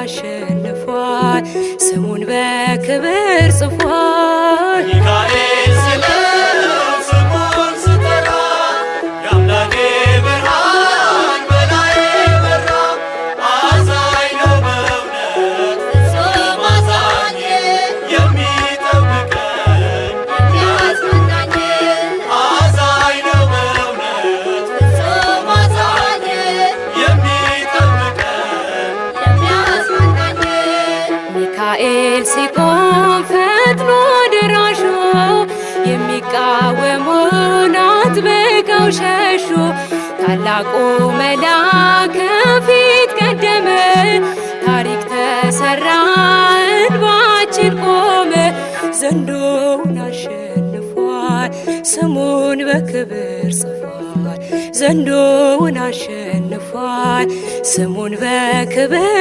አሸንፏል። ስሙን በክብር ጽፏል። ሚካኤል ሲቆም ፈጥኖ ደራሹ የሚቃወሙን አጥብቀው ሸሹ። ታላቁ መልአክ ከፊት ቀደመ፣ ታሪክ ተሰራ፣ እንባችን ቆመ። ዘንዶውን አሸንፏል፣ ስሙን በክብር ጽፏል። ዘንዶውን አሸንፏል፣ ስሙን በክብር